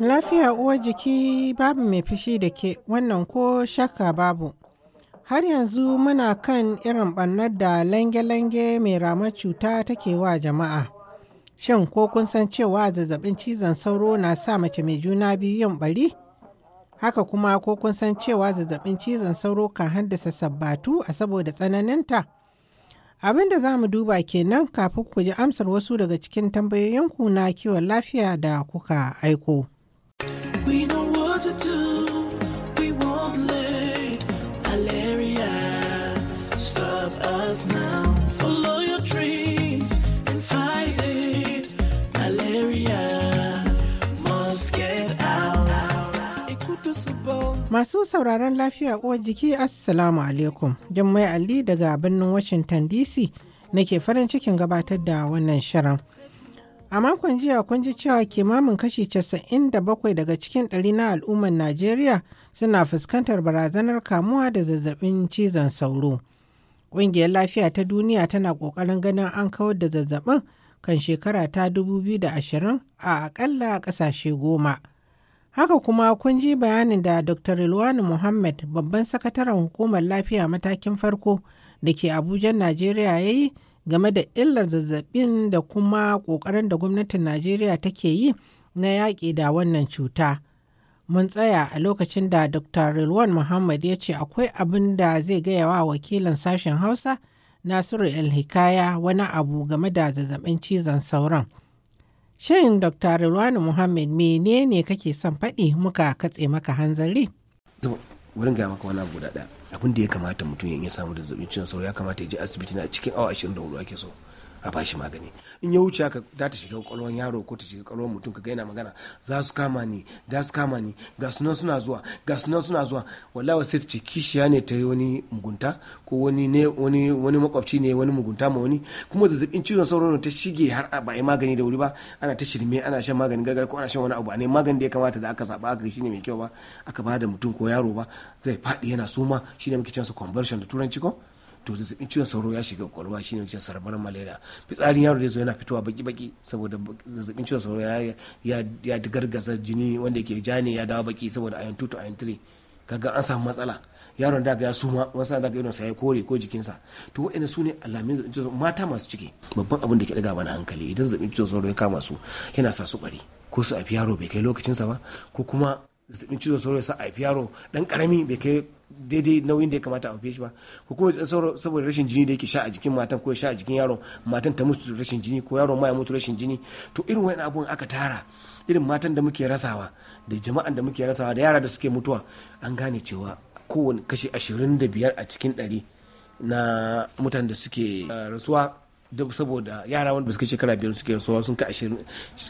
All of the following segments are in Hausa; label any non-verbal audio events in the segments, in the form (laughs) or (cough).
Lafiya uwar jiki babu mai fushi da ke wannan ko shakka babu. Har yanzu muna kan irin ɓannar da lange-lange mai rama cuta take wa jama'a. Shin ko kun san cewa zazzabin cizon sauro na sa mace mai juna biyu yin bari? Haka kuma ko kun san cewa zazzabin cizon sauro kan haddasa sabbatu a saboda tsananinta? Abin da za mu duba kenan kafin ku ji amsar wasu daga cikin tambayoyinku na kiwon lafiya da kuka aiko. We Masu sauraron lafiya uwar jiki Assalamu alaikum. Jummai Ali daga birnin Washington DC na ke farin cikin gabatar da wannan shirin. A makon jiya kun ji cewa kimamin kashi 97 daga cikin ɗari na al'ummar Najeriya suna fuskantar barazanar kamuwa da zazzabin cizon sauro. Ƙungiyar lafiya ta duniya tana ƙoƙarin ganin an kawar da zazzabin kan shekara ta 2020 a akalla ƙasashe goma. Haka kuma kun ji bayanin da Dr. Rilwani Muhammad babban sakataren hukumar lafiya matakin farko da ke Abuja, Najeriya ya yi game da illar zazzabin da kuma ƙoƙarin da gwamnatin Najeriya take yi na yaƙi da wannan cuta. Mun tsaya a lokacin da Dr. Rilwan Muhammad ya ce akwai abin da zai gaya wa wakilin sashen Hausa Nasiru El-Hikaya wani abu game da zazzabin cizon sauran. Shin Dr. Rilwani Muhammad ne kake son faɗi muka katse maka hanzari? To, wurin ga maka wani abu da abin da ya kamata mutum ya samu da zaɓin cin sauro ya kamata ya je asibiti na cikin awa 24 ake so. a ba shi magani in ya wuce haka za ta shiga kwakwalwar yaro ko ta shiga kwakwalwar mutum ka gaina magana za su kama ni za su kama ni ga sunan suna zuwa ga sunan suna zuwa wallahi sai ta ce kishiya ne ta yi wani mugunta ko wani ne wani wani makwabci ne wani mugunta ma wani kuma zazzabin cizon sauro ne ta shige har a ba magani da wuri ba ana ta shirme ana shan maganin gargajiya ko ana shan wani abu ne magani da ya kamata da aka saba aka shine mai kyau ba aka ba da mutum ko yaro ba zai faɗi yana suma shine muke cewa conversion da turanci ko to zazzabin cizon sauro ya shiga kwakwalwa shine wajen sarbar malaria fitsarin yaro da zo yana fitowa baki baki saboda zazzabin cizon sauro ya ya gargaza jini wanda yake ja ne ya dawo baki saboda ayon 2 to ayon 3 kaga an samu matsala yaron daga ya suma wasu daga irin sa ya kore ko jikinsa to waɗanda su ne alamin zazzabin cizon mata masu ciki babban abin da ke daga mana hankali idan zazzabin cizon sauro ya kama su yana sa su bari ko su haifi yaro bai kai lokacinsa ba ko kuma zazzabin cizon sauro ya sa haifi yaro ɗan ƙarami bai kai daidai nauyin da ya kamata a ba ko kuma saboda rashin jini da yake sha a jikin matan ko ya sha a jikin yaron matan ta mutu rashin jini ko yaron ma ya mutu rashin jini to irin wani abun aka tara irin matan da muke rasawa da jama'an da muke rasawa da yara da suke mutuwa an gane cewa kowane kashi ashirin da biyar a cikin ɗari na mutan da suke eh, rasuwa saboda yara wanda suka shekara biyar suke rasuwa sun kai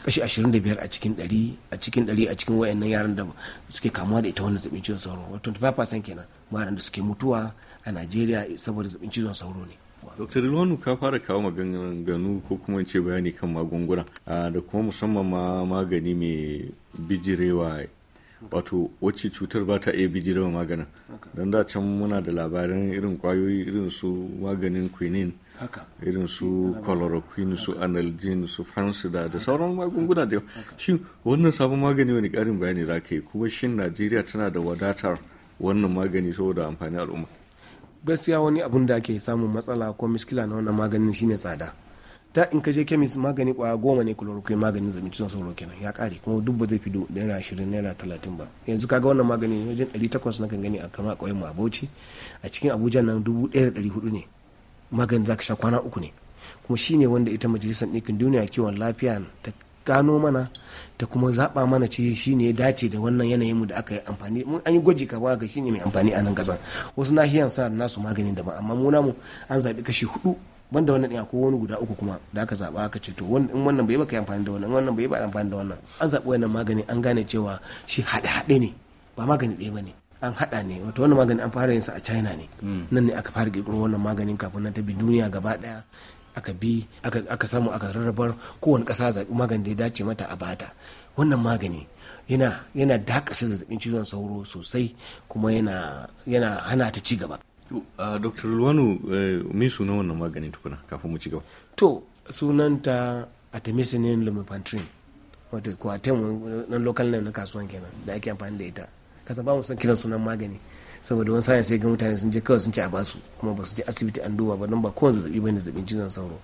kashi ashirin da biyar a cikin ɗari a cikin ɗari a cikin wayannan yaran da suke kamuwa da ita wannan zaɓin cizon sauro wato 25% kenan maran da suke mutuwa a najeriya saboda zaɓin cizon sauro ne dr ilwanu ka fara kawo maganganu ko kuma ce bayani kan magunguna da kuma musamman ma magani mai bijirewa wato wacce cutar ba ta iya bijirewa maganin don da can muna da labaran irin kwayoyi irin su maganin quinine irin su chloroquine su analgin su fansida da sauran magunguna da shin wannan sabon magani wani karin bayani za ka yi kuma shin najeriya tana da wadatar wannan magani saboda amfani al'umma gaskiya wani abun da ake samun matsala ko miskila na wannan maganin shine tsada da in ka je kemis magani kwaya goma ne chloroquine maganin zazzabin cizon sauro kenan ya kare kuma duk ba zai fi naira ashirin naira talatin ba yanzu kaga wannan magani wajen ɗari takwas na kan gani a kama mu a bauchi a cikin abuja nan dubu ɗaya da ɗari hudu ne magani za ka sha kwana uku ne kuma shi ne wanda ita majalisar ɗinkin duniya kiwon lafiya ta gano mana ta kuma zaɓa mana ce shi ne ya dace da wannan yanayin mu da aka yi amfani mun an yi gwaji ka ga shi ne mai amfani a nan ƙasa wasu nahiyan sa da nasu maganin daban amma mu namu an zaɓi kashi hudu banda wannan ɗaya ko wani guda uku kuma da aka zaɓa aka ce to in wannan bai baka amfani da wannan in wannan bai baka amfani da wannan an zaɓi wannan maganin an gane cewa shi haɗe-haɗe ne ba magani ɗaya ba ne an hada ne wato wannan magani an fara yinsa a china ne hmm. nan ne aka fara girgiro wannan maganin kafin nan ta bi duniya gaba daya aka bi aka samu aka rarrabar kowane kasa zaɓi magani da ya dace mata a bata wannan magani yana yana dakasa zazzabin cizon sauro sosai kuma yana yana hana ta ci gaba dr luwanu eh, me sunan wannan magani tukuna kafin mu ci gaba to ta artemisinin lumefantrine wato ko a na local name na kasuwan kenan da ake amfani da ita kasan ba mu san kiran sunan magani saboda wani sa'a sai ga mutane sun je kawai sun ci a basu kuma ba su je asibiti an duba ba don ba kowane zazzabi bane zazzabin cizon sauro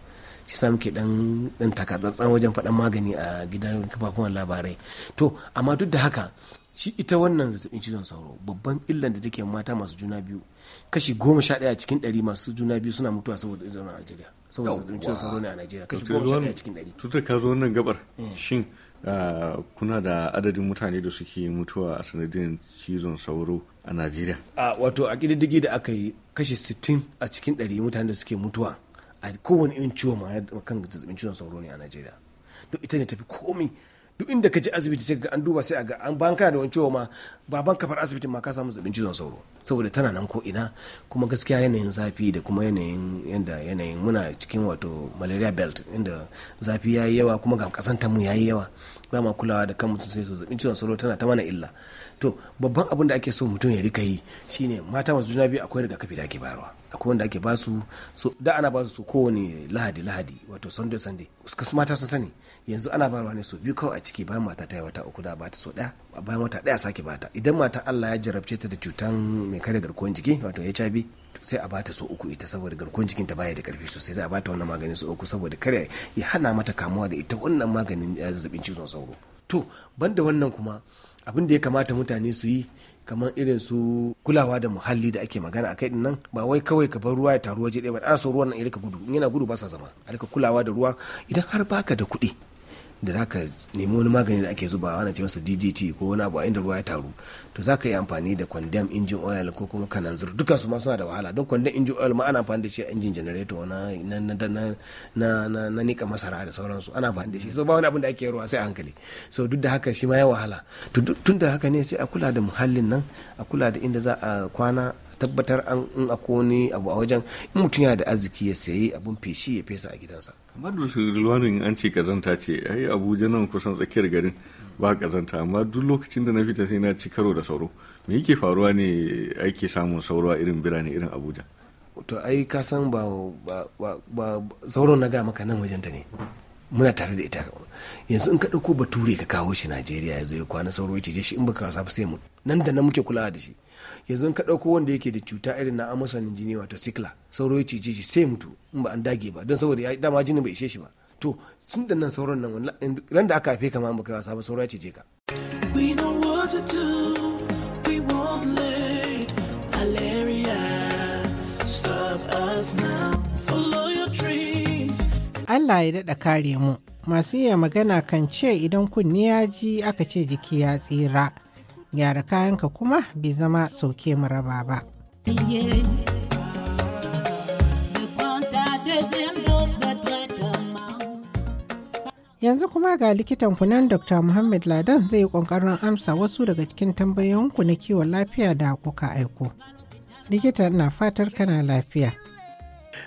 shi sa muke dan dan takatsantsan wajen faɗan magani a gidan kafafuwan labarai to amma duk da haka shi ita wannan zazzabin cizon sauro babban illan da take mata masu juna biyu kashi goma sha ɗaya cikin ɗari masu juna biyu suna mutuwa saboda zazzabin cizon sauro ne a Najeriya kashi goma sha ɗaya cikin ɗari. Tuta ka zo nan gabar eh. shin Ah, kuna da adadin mutane da suke mutuwa a sanadin cizon sauro a najeriya a ah, wato a ƙididdigi da aka yi kashe 60 a cikin 100 mutane da suke mutuwa a kowane irin ciwo ma kan zazzabin cizon sauro ne a najeriya don ita ne tafi komai duk inda ka je asibiti sai ga an duba sai a ga an banka da wani ciwo ma baban kafar asibitin ma ka samu zabin cizon sauro saboda tana nan ko ina kuma gaskiya yanayin zafi da kuma yanayin yanda yanayin muna cikin wato malaria belt inda zafi yayi yawa kuma ga kasantar mu yayi yawa ba ma kulawa da kan mutum sai zazzabin cizon sauro tana ta mana illa to babban abin da ake so mutum ya rika yi shine mata masu juna biyu akwai rigakafi da ake bayarwa akwai wanda ake basu so da ana basu su kowane lahadi lahadi wato sunday sunday su mata sun sani yanzu ana barwa ne so biyu kawai a ciki bayan mata ta yi wata uku da ba ta so daya bayan wata daya sake bata idan mata Allah ya jarabce ta da cutan mai kare garkuwar jiki wato HIV sai a bata so uku ita saboda garkuwar ta baya da karfi sosai sai a bata wannan maganin so uku saboda kare ya hana mata kamuwa da ita wannan maganin eh, zazzabin cizon sauro to banda wannan kuma abin da ya kamata mutane su yi kamar irin su kulawa da muhalli da ake magana a kai din nan ba wai kawai ka bar ruwa ya taru waje ɗaya ba ana so ruwan nan ya rika gudu in yana gudu ba sa zama a rika kulawa da ruwa idan har baka da kuɗi da za ka nemi wani magani da ake zubawa wani ce wasu ddt ko wani abu a inda ruwa ya taru to za ka yi amfani da kwandam injin oil ko kuma kananzir duka su masu da wahala don condemn injin oil ma ana amfani da shi a injin generator na na na na na na nika masara da sauransu ana amfani da shi so ba wani abin da ake ruwa sai a hankali so duk da haka shi ma ya wahala to tun da haka ne sai a kula da muhallin nan a kula da inda za a kwana tabbatar an in a wani abu a wajen in mutum yana da arziki ya sayi abun feshi ya fesa a gidansa amma da rilwanin an ce kazanta ce ai abuja nan kusan tsakiyar garin ba kazanta amma duk lokacin da na fita sai na ci karo da sauro me yake faruwa ne ake samun sauro a irin birane irin abuja to ai ka san ba ba sauro na ga maka nan wajenta ne muna tare da ita yanzu in ka ɗauko bature ka kawo shi najeriya ya zo ya kwana sauro ya ce shi in baka wasa ba sai mu nan da nan muke kulawa da shi yanzu ka ɗauko wanda yake da cuta irin na amosanin jini wata sikla sauro ya cije shi sai mutu in ba an dage ba don saboda dama jini bai ishe shi ba to sun da nan sauron nan ran da aka haife ka ma baka wasa ba sauro ya cije ka Allah ya daɗa kare mu masu iya magana kan ce idan kunni ya ji aka ce jiki ya tsira gyara kayanka kuma bai zama sauke raba ba. Yanzu kuma ga likitan kunan Dr. Muhammad Ladan zai yi ƙoƙarin amsa wasu daga cikin tambayoyinku na kiwon lafiya da kuka aiko. Likita na fatar kana lafiya.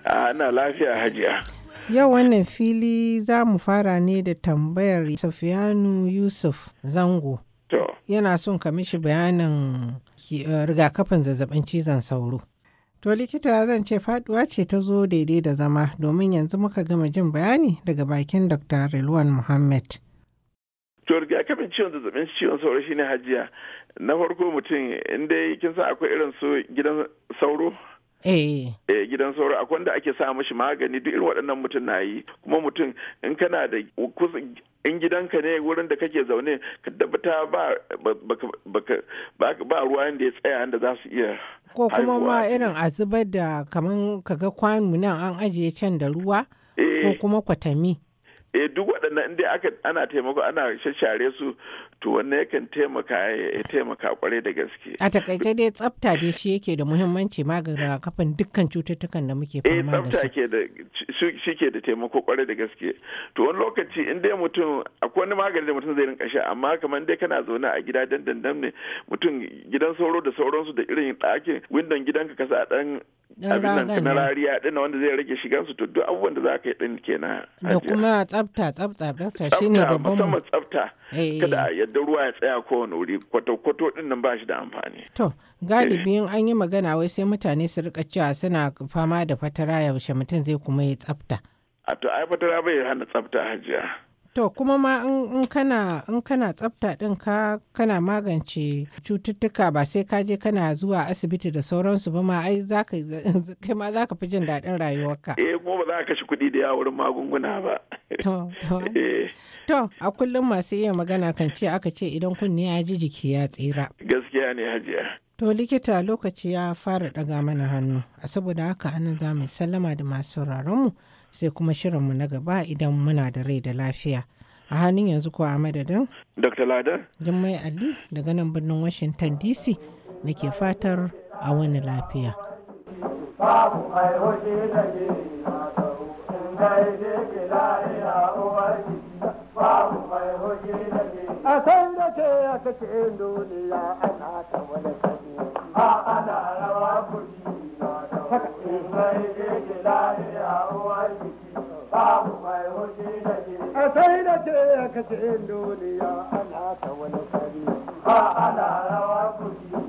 Ana lafiya hajiya. Yau wannan fili za mu fara ne da tambayar Safiyanu Yusuf Zango. yana son ka mishi bayanin eh, rigakafin zazzabin cizon sauro. To likita zan ce faduwa ce ta zo daidai da zama domin yanzu muka gama jin bayani daga bakin Dr. Rilwan Muhammad. To rigakafin ciwon zazzabin ciwon sauro shine hajiya. Na farko mutum inda kin san akwai irin su gidan sauro Eh Eh, gidan sauro akwai wanda ake sa mishi magani duk irin waɗannan mutum na yi kuma mutum in kana da in gidanka ne wurin da kake zaune ka tabbata ba ruwa inda ya tsaya da za su iya ko kuma ma irin a zubar da kaman kaga kwanu nan an ajiye can da ruwa ko eh. kuma kwatami eh duk waɗannan inda aka ana taimako ana shashare su to wannan yakan taimaka ya taimaka kwarai da gaske a takaice dai tsafta dai shi yake da muhimmanci maganin kafin dukkan cututtukan da muke eh, fama da su tsafta ke da shi ke da taimako kwarai da gaske to wani lokaci in dai mutum akwai wani magani da mutum zai rinka sha amma kamar dai kana zaune a gida dandan ne mutum gidan sauro da sauransu da irin ɗakin windon gidanka kasa a dan abin nan na rariya din wanda zai rage shiga su to duk abubuwan da zaka yi din kenan da kuma tsafta tsafta tsafta shine babban musamman tsafta eh, kada eh. yadda ruwa ya tsaya ko wani wuri kwato kwato din nan ba shi da amfani to galibin eh. an yi magana wai sai mutane su rika cewa suna fama da fatara yaushe mutum zai kuma yi tsafta a to ai fatara bai hana tsafta hajiya To kuma ma in kana in tsafta din ka kana magance cututtuka ba sai ka je kana zuwa asibiti da sauransu ba ma ai (laughs) kai ma zaka fi jin daɗin rayuwarka. Eh mu ba za ka shi kudi da yawurin magunguna ba. To eh. to a kullum masu iya magana kan ce aka ce idan kunne ya ji jiki ya tsira. Gaskiya ne hajiya. To likita lokaci ya fara daga mana hannu, a saboda haka anan za mu sallama da masu sauraronmu. mu. sai kuma shirinmu na gaba idan muna da rai da lafiya. A hannun yanzu ko a madadin? Dr. Lada. Jummai Ali daga nan birnin Washington DC nake fatar a wani lafiya. a ana ta wani Ba ana babu mai hoshi da ke a sai ka duniya ana ta wani kari ba ana rawar